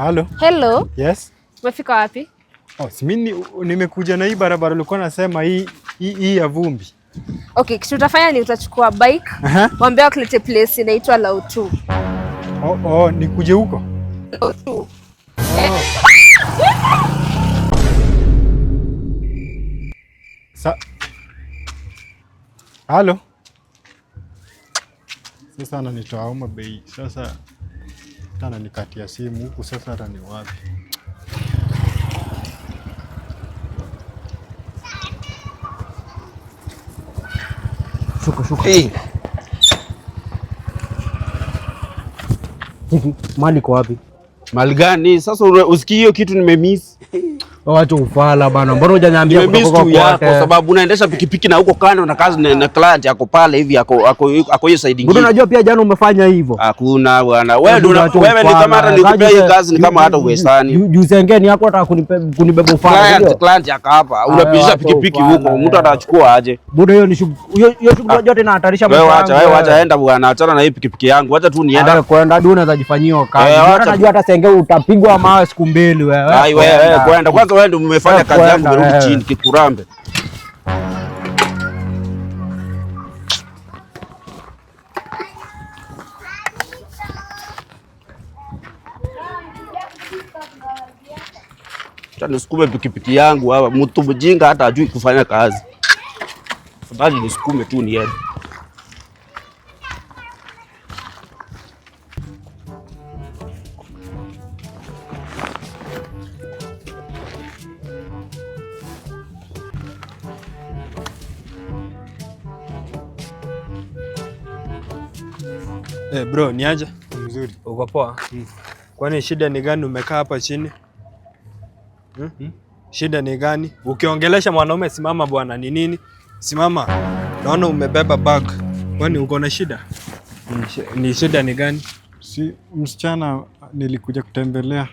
Hello. Hello. Yes. Umefika wapi? Oh, si mimi nimekuja na hii barabara ulikuwa nasema hii hii ya vumbi. Okay, kitu utafanya ni utachukua bike, Uh -huh. mwambie akulete place inaitwa Lautu. Oh, oh, nikuje huko? Lautu. Oh. Sa Halo. Sasa ananitoa uma bei. Sasa Tana ya simu huku sasa, hata ni wapi? Shuka shuka. Hey. Mali kwa wapi? Mali gani? Sasa usikii hiyo kitu nimemiss watu ufala bana. Mbona hujaniambia kwa sababu unaendesha pikipiki na huko kando na kazi na client yako pale hivi yako yako hiyo side nyingine. Unajua pia jana umefanya hivyo. Hakuna bwana. Wewe wewe ni kama hata nikupea hiyo kazi ni kama hata Juzi Juzengeni yako hata kunibeba ufala. Client client yako hapa. Unapisha pikipiki huko mtu atachukua aje. Bwana hiyo ni hiyo hiyo shughuli yote ah. inahatarisha mambo. Wewe acha wewe acha enda bwana achana na hii pikipiki yangu. Acha tu nienda. Wewe Kwenda duna jifanyia kazi. Unajua eh, hata senge utapigwa mawe siku mbili wewe. Hai wewe kwenda kwanza wewe ndio umefanya kazi yangu merudi eh. chini kikurambe. Nisukume pikipiki yangu hapa, mtu mjinga hata ajui kufanya kazi, fadhali nisukume tu niende. Eh, bro, ni aje? Mzuri. Uko poa? Mm. Kwani shida ni gani umekaa hapa chini? Hmm? Mm. Shida ni gani? Ukiongelesha mwanaume simama bwana, ni nini? Simama. Naona umebeba bag. Kwani uko na shida? Ni shida ni gani? Si msichana nilikuja kutembelea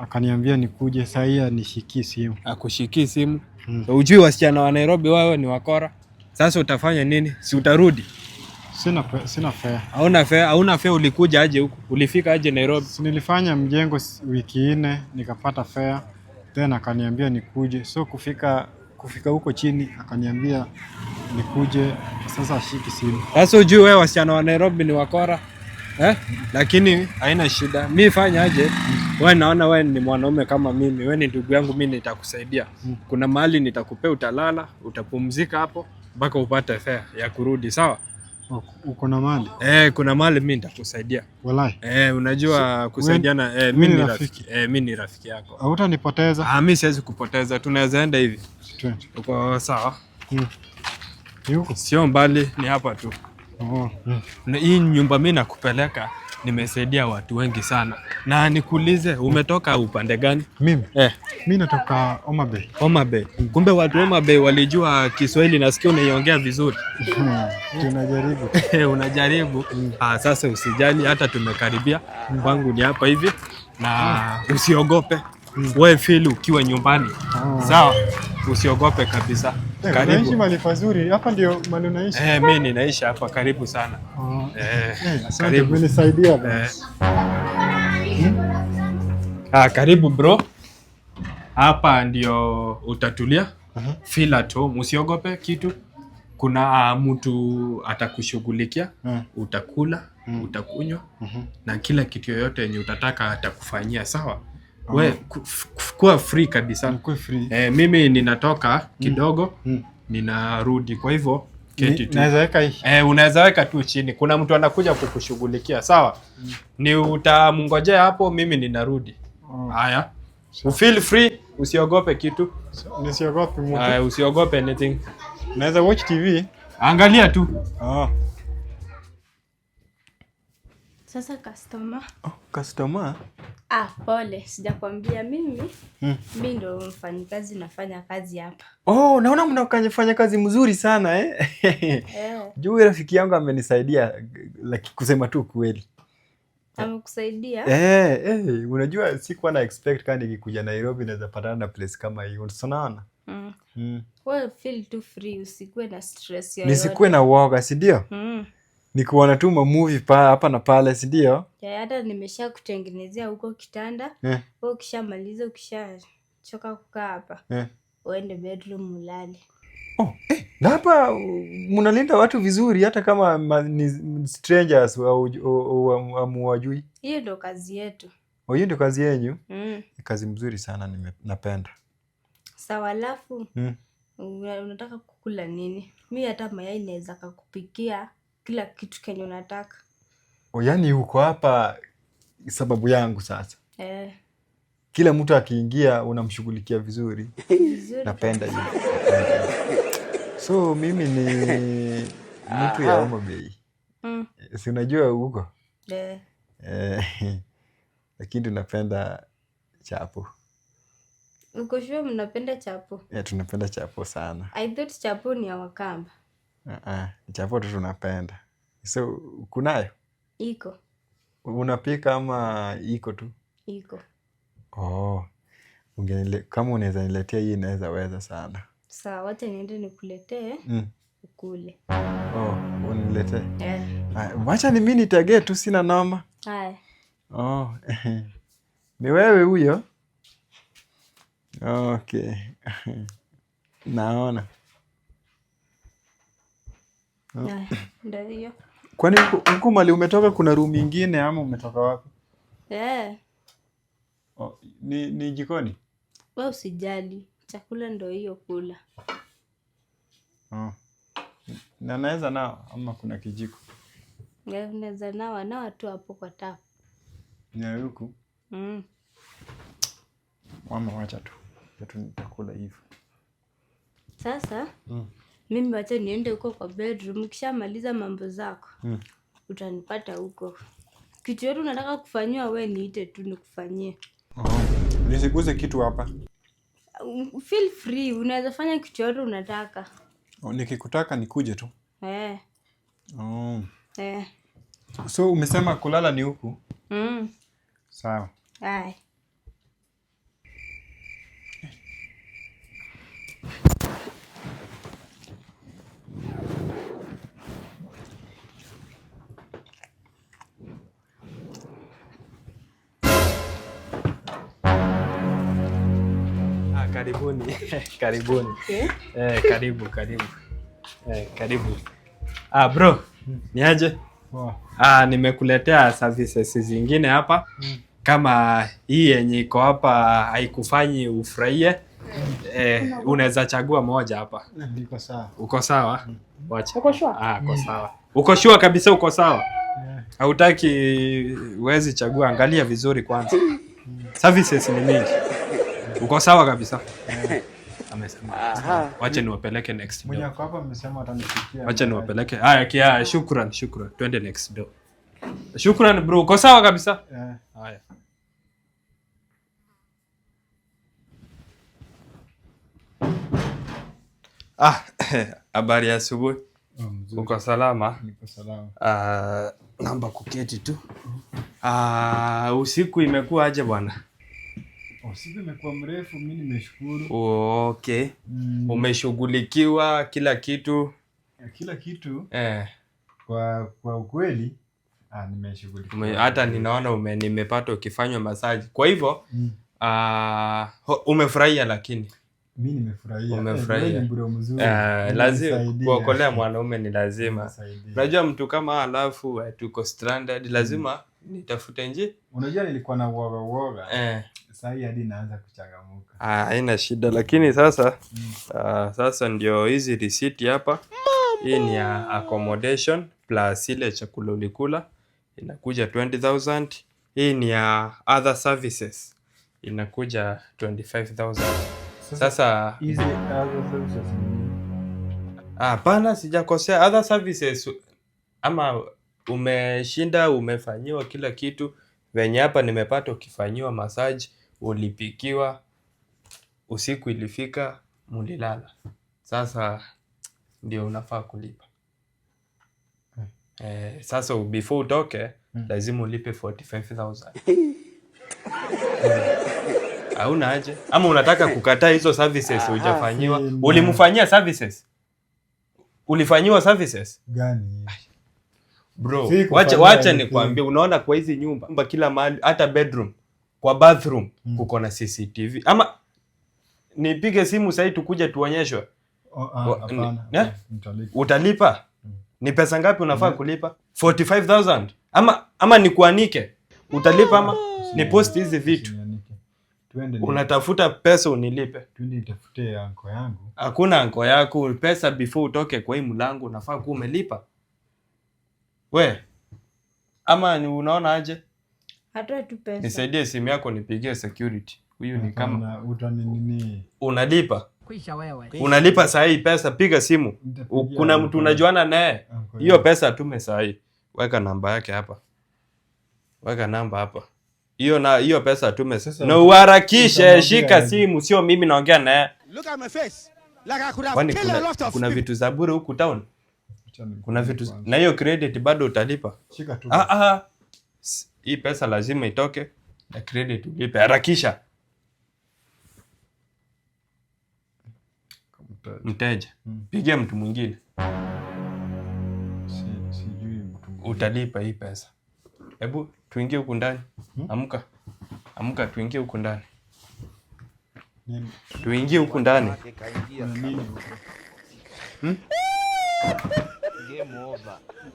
akaniambia nikuje, saa hii anishikii simu. Akushikii simu? Mm. Ujui wasichana wa Nairobi wao ni wakora. Sasa utafanya nini? Si utarudi? Sina fe, sina fe. Hauna fe, hauna fe ulikuja aje huku? Ulifika aje Nairobi? nilifanya mjengo wiki nne nikapata fea. tena akaniambia nikuje. So kufika kufika huko chini akaniambia nikuje sasa ashiki simu. Sasa ujui wewe wasichana wa Nairobi ni wakora. Eh? Lakini haina shida. Mi fanya aje? Mm. Wewe naona wewe ni mwanaume kama mimi. Wewe ni ndugu yangu, mimi nitakusaidia. Mm. Kuna mahali nitakupea, utalala, utapumzika hapo mpaka upate fea ya kurudi, sawa? uko na mali eh, kuna mali mimi nitakusaidia wallahi. Eh, unajua so, kusaidiana eh, mimi ni rafiki eh, mimi ni rafiki yako, hautanipoteza. Ah, mimi siwezi kupoteza, tunaweza enda hivi, uko sawa? hmm. Sio mbali, ni hapa tu. oh, hmm. Hii nyumba mimi nakupeleka nimesaidia watu wengi sana. Na nikuulize umetoka upande gani? Mimi eh, mimi natoka Homa Bay. Homa Bay. Kumbe watu Homa Bay walijua Kiswahili, nasikia unaiongea vizuri. Hmm, tunajaribu. Eh, unajaribu. Hmm. Ah, sasa usijali, hata tumekaribia hmm. kwangu, ni hapa hivi na ah. usiogope. Wewe feel ukiwa nyumbani, ah. sawa? Usiogope kabisa. Eh, Naishi mahali pazuri hapa, ndio mahali unaishi? Eh, mimi ninaishi hapa karibu sana. Ah. Eh, eh Karibu nisaidia eh. Ah, karibu bro. Hapa ndio utatulia. uh -huh. Fila tu, msiogope kitu. Kuna uh, mtu atakushughulikia. uh -huh. Utakula, uh mm. -huh. utakunywa, uh mhm. -huh. na kila kitu yoyote yenye utataka atakufanyia, sawa? We, kuwa free kabisa. Free. Eh, mimi ninatoka mm. kidogo mm. ninarudi kwa hivyo eh, unaweza weka tu chini, kuna mtu anakuja kukushughulikia sawa mm. ni utamngojea hapo, mimi ninarudi oh. haya oh. Feel free, usiogope kitu. Usiogope anything. Naweza watch TV. Angalia tu oh. Sasa kastoma Oh, customer? Ah, pole, sijakwambia mimi. Hmm. mi ndo mfanyikazi nafanya kazi hapa. Oh, naona mnafanya kazi mzuri sana eh? Yeah. Juu rafiki yangu amenisaidia like, kusema tu kweli. Amekusaidia? Eh, eh, unajua sikuwa na expect kama nikikuja Nairobi naweza patana na place kama hiyo. Unaona? Mm. Mm. Well, feel too free, usikuwe na stress yoyote. Nisikuwe na uoga, si ndio? Mm ni kuona tu mamuvi hapa na pale, si ndio? Hata nimesha kutengenezea huko kitanda yeah. Wewe ukishamaliza ukishachoka kukaa hapa yeah. Uende bedroom ulale. Oh, eh, na hapa uh, mnalinda watu vizuri hata kama ma, ni strangers amuwajui. Hiyo ndo kazi yetu. Oh, hiyo ndo kazi yenyu? Mm. Kazi mzuri sana nime, napenda. Sawa, alafu mm. Unataka kukula nini? Mi hata mayai naweza kakupikia kila kitu kenye unataka. yaani uko hapa sababu yangu sasa eh. Kila mtu akiingia unamshughulikia vizuri, vizuri. Napenda hiyo so mimi ni mtu ya Homa Bay mm. Si unajua huko eh. Eh, lakini tunapenda chapo uko shua, mnapenda chapo eh, tunapenda chapo sana. I thought chapo ni ya Wakamba Chapo tu tunapenda. So, kunayo? Iko. Unapika ama iko tu? Iko. Oh, kama unaweza niletea hii inaweza weza sana. Sawa, wacha niende nikuletee, mm. ukule. Oh, uniletee? Eh. Ah, wacha ni mimi nitegee tu sina noma. Haya. Oh, ni wewe huyo? Okay. Naona. Ah. ndio Kwani huko mali umetoka kuna room ingine ama umetoka wapi? Yeah. Oh, ni, ni jikoni? We usijali. Chakula ndo hiyo kula. Oh. Na naweza nao ama kuna kijiko? Yeah, naweza nao nao tu hapo kwa tap. Ni huku? Mm. Mama wacha tu. Kitu nitakula hivyo. Sasa? Mm mimi wacha niende huko kwa bedroom, ukishamaliza mambo zako mm. utanipata huko. Kitu yote unataka kufanyiwa we niite tu nikufanyie. Oh, nisiguze kitu hapa. Feel free, unaweza fanya kitu yote unataka. Oh, nikikutaka nikuje tu eh. Oh. Eh. So umesema kulala ni huku mm. Sawa. Hai. Karibuni. Karibuni. Okay. Eh? eh, karibu karibu. Eh, karibu. Ah, bro, niaje? Wow. Ah, nimekuletea services zingine hapa mm. Kama hii yenye iko hapa haikufanyi ufurahie mm. Eh, unaweza chagua moja hapa. Niko sawa. Uko sawa? Mm. Wacha. Uko sawa? Ah, uko hmm. sawa. Uko sure kabisa uko sawa? Hautaki, yeah. Uwezi chagua, angalia vizuri kwanza. Hmm. Services ni mingi. Uko sawa kabisa. Wacha niwapeleke next door. Wacha niwapeleke. Haya, ah, ah, shukran, shukran. Twende next door. Shukran bro, uko sawa kabisa. Eh. Haya. Ah, habari ya asubuhi. Ah, uko salama? Niko salama. Ah, namba kuketi tu. Ah, usiku imekuwa aje bwana? Usiku mrefu, mimi nimeshukuru. Oh, okay. Mm. Umeshughulikiwa kila kitu? Eh, kila kitu eh. Kwa kwa ukweli ah, nimeshughulikiwa. Hata ninaona ume, nimepata ukifanywa masaji kwa hivyo mm. Uh, umefurahia lakini mi nimefurahiakuokolea eh, eh, mwanaume ni lazima. Unajua mtu kama alafu eh, tuko stranded, lazima mm. nitafute nji Unajua nilikuwa na uoga uoga hadi naanza kuchangamuka. Ah, haina shida lakini sasa mm. uh, sasa ndio hizi risiti hapa hii ni ya accommodation plus ile chakula ulikula inakuja 20000. Hii ni ya other services inakuja 25000. Sasa hapana, sijakosea. Other services ama umeshinda, umefanyiwa kila kitu venye hapa nimepata. Ukifanyiwa massage, ulipikiwa, usiku ilifika, mulilala. Sasa ndio unafaa kulipa. Hmm. Eh, sasa before utoke, hmm. lazima ulipe 45000 hauna aje ama unataka kukataa hizo services? Ah, hujafanyiwa, ah, ulimfanyia services, ulifanyiwa services gani? Bro, wacha wacha kuambia unaona kwa hizi nyumba nyumba kila mahali, hata bedroom kwa bathroom hmm, kuko na CCTV ama nipige simu sahii tukuja tuonyeshwe? Oh, ah, eh? Utalipa hmm, ni pesa ngapi unafaa hmm, kulipa 45000 ama ama nikuanike? Utalipa ama ni post hizi vitu unatafuta pesa unilipe. anko yangu. Hakuna anko yako pesa. Before utoke kwa hii mlango unafaa kuwa umelipa we, ama ni unaona aje? Nisaidie simu yako nipigie security. Huyu ni kama unalipa unalipa sahii pesa, piga simu. Kuna mtu unajuana naye, hiyo pesa atume sahii Weka namba yake hapa, weka namba hapa hiyo na hiyo pesa tume na uharakishe, shika simu, sio mimi naongea naye. Kwani kuna, kuna vitu za bure huku town, kuna vitu na hiyo credit bado utalipa. Ah, ah, hii pesa lazima itoke na credit ulipe, harakisha mteja, hmm. pigia mtu mwingine utalipa hii pesa, hebu tuingie huku ndani. Hmm? Amka, amka, tuingie huku ndani, tuingie huku ndani. Hmm?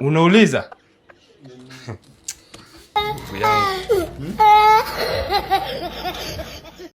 Unauliza